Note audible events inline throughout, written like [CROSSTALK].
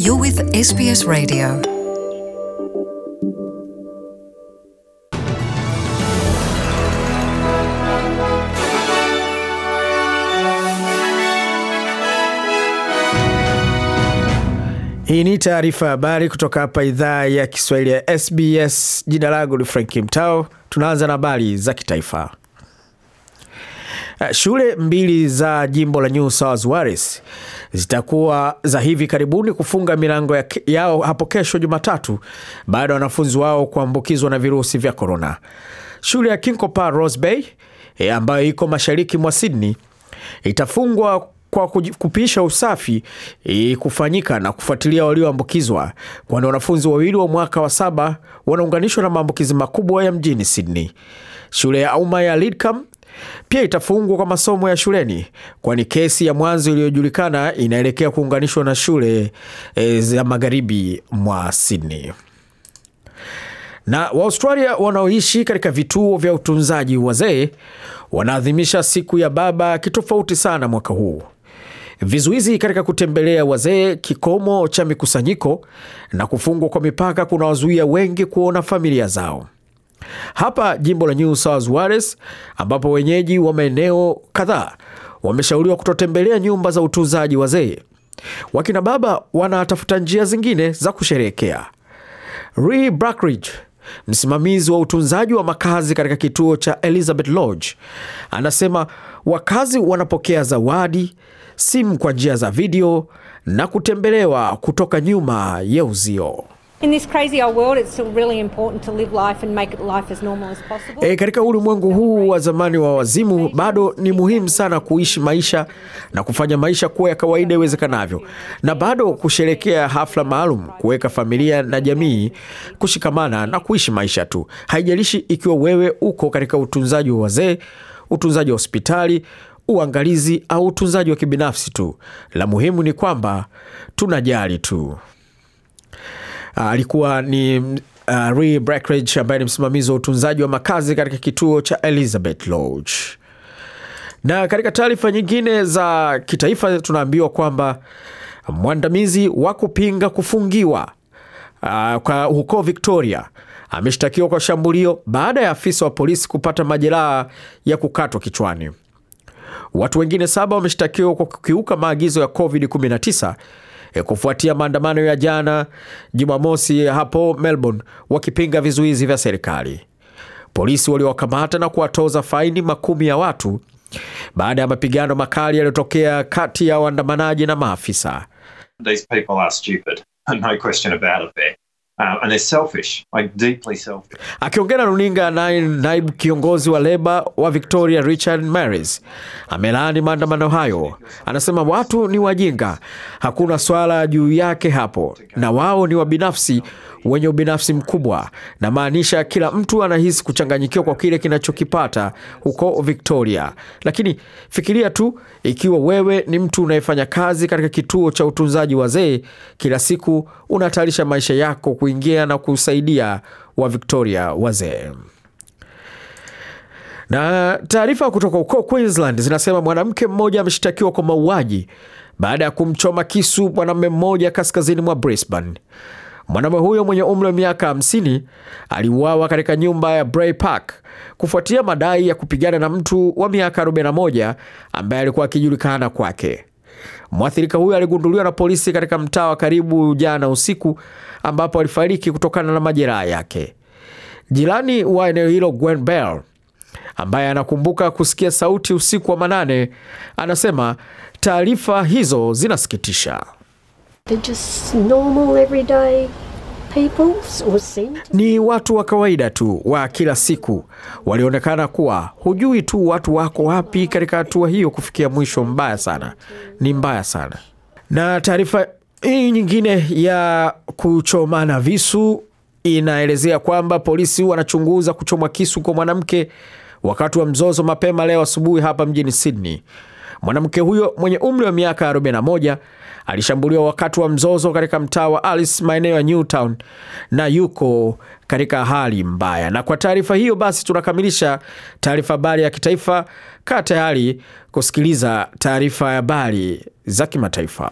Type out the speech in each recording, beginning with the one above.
You're with SBS Radio. Hii ni taarifa ya habari kutoka hapa idhaa ya Kiswahili ya SBS. Jina langu ni Frank Mtao. Tunaanza na habari za kitaifa. Ah, shule mbili za jimbo la New South Wales zitakuwa za hivi karibuni kufunga milango yao hapo kesho Jumatatu baada ya wanafunzi wao kuambukizwa na virusi vya korona. Shule ya Kinkopa Rose Bay eh, ambayo iko mashariki mwa Sydney itafungwa kwa kupisha usafi eh, kufanyika na kufuatilia walioambukizwa, kwani wanafunzi wawili wa mwaka wa saba wanaunganishwa na maambukizi makubwa ya mjini Sydney. Shule ya umma ya Lidcombe pia itafungwa kwa masomo ya shuleni, kwani kesi ya mwanzo iliyojulikana inaelekea kuunganishwa na shule e, za magharibi mwa Sydney na Waaustralia wanaoishi katika vituo vya utunzaji wazee wanaadhimisha siku ya baba kitofauti sana mwaka huu. Vizuizi katika kutembelea wazee, kikomo cha mikusanyiko na kufungwa kwa mipaka kunawazuia wengi kuona familia zao hapa jimbo la New South Wales, ambapo wenyeji wa maeneo kadhaa wameshauriwa kutotembelea nyumba za utunzaji wazee. Wakina baba wanatafuta njia zingine za kusherehekea. Ree Brackridge, msimamizi wa utunzaji wa makazi katika kituo cha Elizabeth Lodge, anasema wakazi wanapokea zawadi, simu kwa njia za video na kutembelewa kutoka nyuma ya uzio. E, katika ulimwengu huu wa zamani wa wazimu bado ni muhimu sana kuishi maisha na kufanya maisha kuwa ya kawaida iwezekanavyo, na bado kusherekea hafla maalum, kuweka familia na jamii kushikamana na kuishi maisha tu, haijalishi ikiwa wewe uko katika utunzaji wa wazee, utunzaji wa hospitali uangalizi au utunzaji wa kibinafsi tu. La muhimu ni kwamba tunajali tu. Ah, alikuwa ni uh, Ray Blackledge ambaye ni msimamizi wa utunzaji wa makazi katika kituo cha Elizabeth Lodge. Na katika taarifa nyingine za kitaifa tunaambiwa kwamba mwandamizi wa kupinga kufungiwa uh, kwa huko Victoria ameshtakiwa kwa shambulio baada ya afisa wa polisi kupata majeraha ya kukatwa kichwani. Watu wengine saba wameshtakiwa kwa kukiuka maagizo ya COVID-19 e, kufuatia maandamano ya jana Jumamosi hapo Melbourne wakipinga vizuizi vya serikali. Polisi waliowakamata na kuwatoza faini makumi ya watu baada ya mapigano makali yaliyotokea kati ya waandamanaji na maafisa. These people are stupid. [LAUGHS] No question about it there. Uh, and they're selfish, like deeply selfish. Akiongea na runinga naye naibu kiongozi wa leba wa Victoria Richard Maris amelaani maandamano hayo. Anasema watu ni wajinga, hakuna swala juu yake hapo, na wao ni wabinafsi wenye ubinafsi mkubwa, na maanisha kila mtu anahisi kuchanganyikiwa kwa kile kinachokipata huko Victoria. Lakini fikiria tu, ikiwa wewe ni mtu unayefanya kazi katika kituo cha utunzaji wazee, kila siku unahatarisha maisha yako kuingia na kusaidia wa Victoria wazee na taarifa kutoka huko Queensland zinasema mwanamke mmoja ameshtakiwa kwa mauaji baada ya kumchoma kisu mwanamume mmoja kaskazini mwa Brisbane. Mwanaume huyo mwenye umri wa miaka 50 aliuawa katika nyumba ya Bray Park kufuatia madai ya kupigana na mtu wa miaka 41 ambaye alikuwa akijulikana kwake. Mwathirika huyo aligunduliwa na polisi katika mtaa wa karibu jana usiku, ambapo alifariki kutokana na majeraha yake. Jirani wa eneo hilo Gwen Bell ambaye anakumbuka kusikia sauti usiku wa manane anasema taarifa hizo zinasikitisha. Ni watu wa kawaida tu wa kila siku walionekana kuwa hujui tu watu wako wapi katika hatua hiyo kufikia mwisho mbaya sana. Ni mbaya sana. Na taarifa hii nyingine ya kuchomana visu inaelezea kwamba polisi wanachunguza kuchomwa kisu kwa mwanamke wakati wa mzozo mapema leo asubuhi hapa mjini Sydney. Mwanamke huyo mwenye umri wa miaka 41 alishambuliwa wakati wa mzozo katika mtaa wa Alice maeneo ya Newtown na yuko katika hali mbaya. Na kwa taarifa hiyo basi, tunakamilisha taarifa habari ya kitaifa. Kaa tayari kusikiliza taarifa ya habari za kimataifa.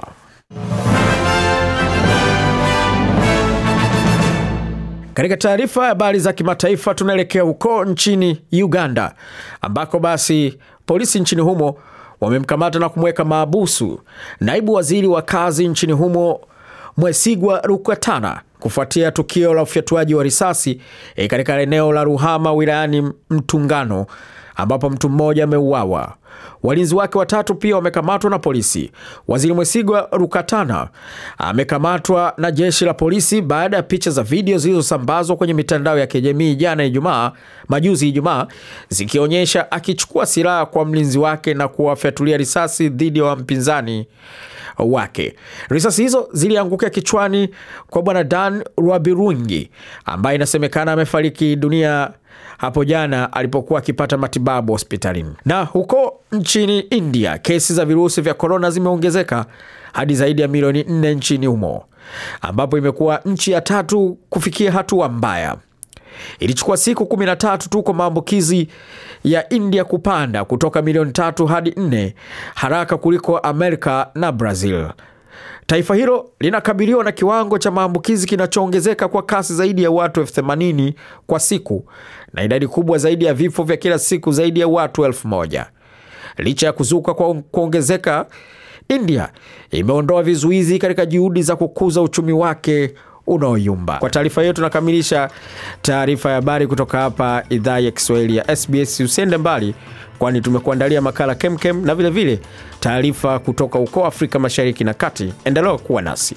Katika taarifa ya habari za kimataifa tunaelekea huko nchini Uganda ambako basi polisi nchini humo wamemkamata na kumweka maabusu naibu waziri wa kazi nchini humo Mwesigwa Rukatana kufuatia tukio la ufyatuaji wa risasi e katika eneo la Ruhama wilayani Mtungano ambapo mtu mmoja ameuawa. Walinzi wake watatu pia wamekamatwa na polisi. Waziri Mwesigwa Rukatana amekamatwa na jeshi la polisi baada ya picha za video zilizosambazwa kwenye mitandao ya kijamii jana Ijumaa, majuzi Ijumaa, zikionyesha akichukua silaha kwa mlinzi wake na kuwafyatulia risasi dhidi ya wa mpinzani wake. Risasi hizo ziliangukia kichwani kwa Bwana Dan Rwabirungi ambaye inasemekana amefariki dunia hapo jana alipokuwa akipata matibabu hospitalini. Na huko nchini India, kesi za virusi vya korona zimeongezeka hadi zaidi ya milioni nne nchini humo, ambapo imekuwa nchi ya tatu kufikia hatua mbaya. Ilichukua siku 13 tu kwa maambukizi ya India kupanda kutoka milioni tatu hadi nne haraka kuliko Amerika na Brazil. Taifa hilo linakabiliwa na kiwango cha maambukizi kinachoongezeka kwa kasi zaidi ya watu elfu themanini kwa siku na idadi kubwa zaidi ya vifo vya kila siku zaidi ya watu elfu moja. Licha ya kuzuka kwa kuongezeka, India imeondoa vizuizi katika juhudi za kukuza uchumi wake unaoyumba. Kwa taarifa hiyo, tunakamilisha taarifa ya habari kutoka hapa idhaa ya Kiswahili ya SBS. Usiende mbali, kwani tumekuandalia makala kemkem na vilevile taarifa kutoka ukoo Afrika Mashariki na Kati. Endelea kuwa nasi.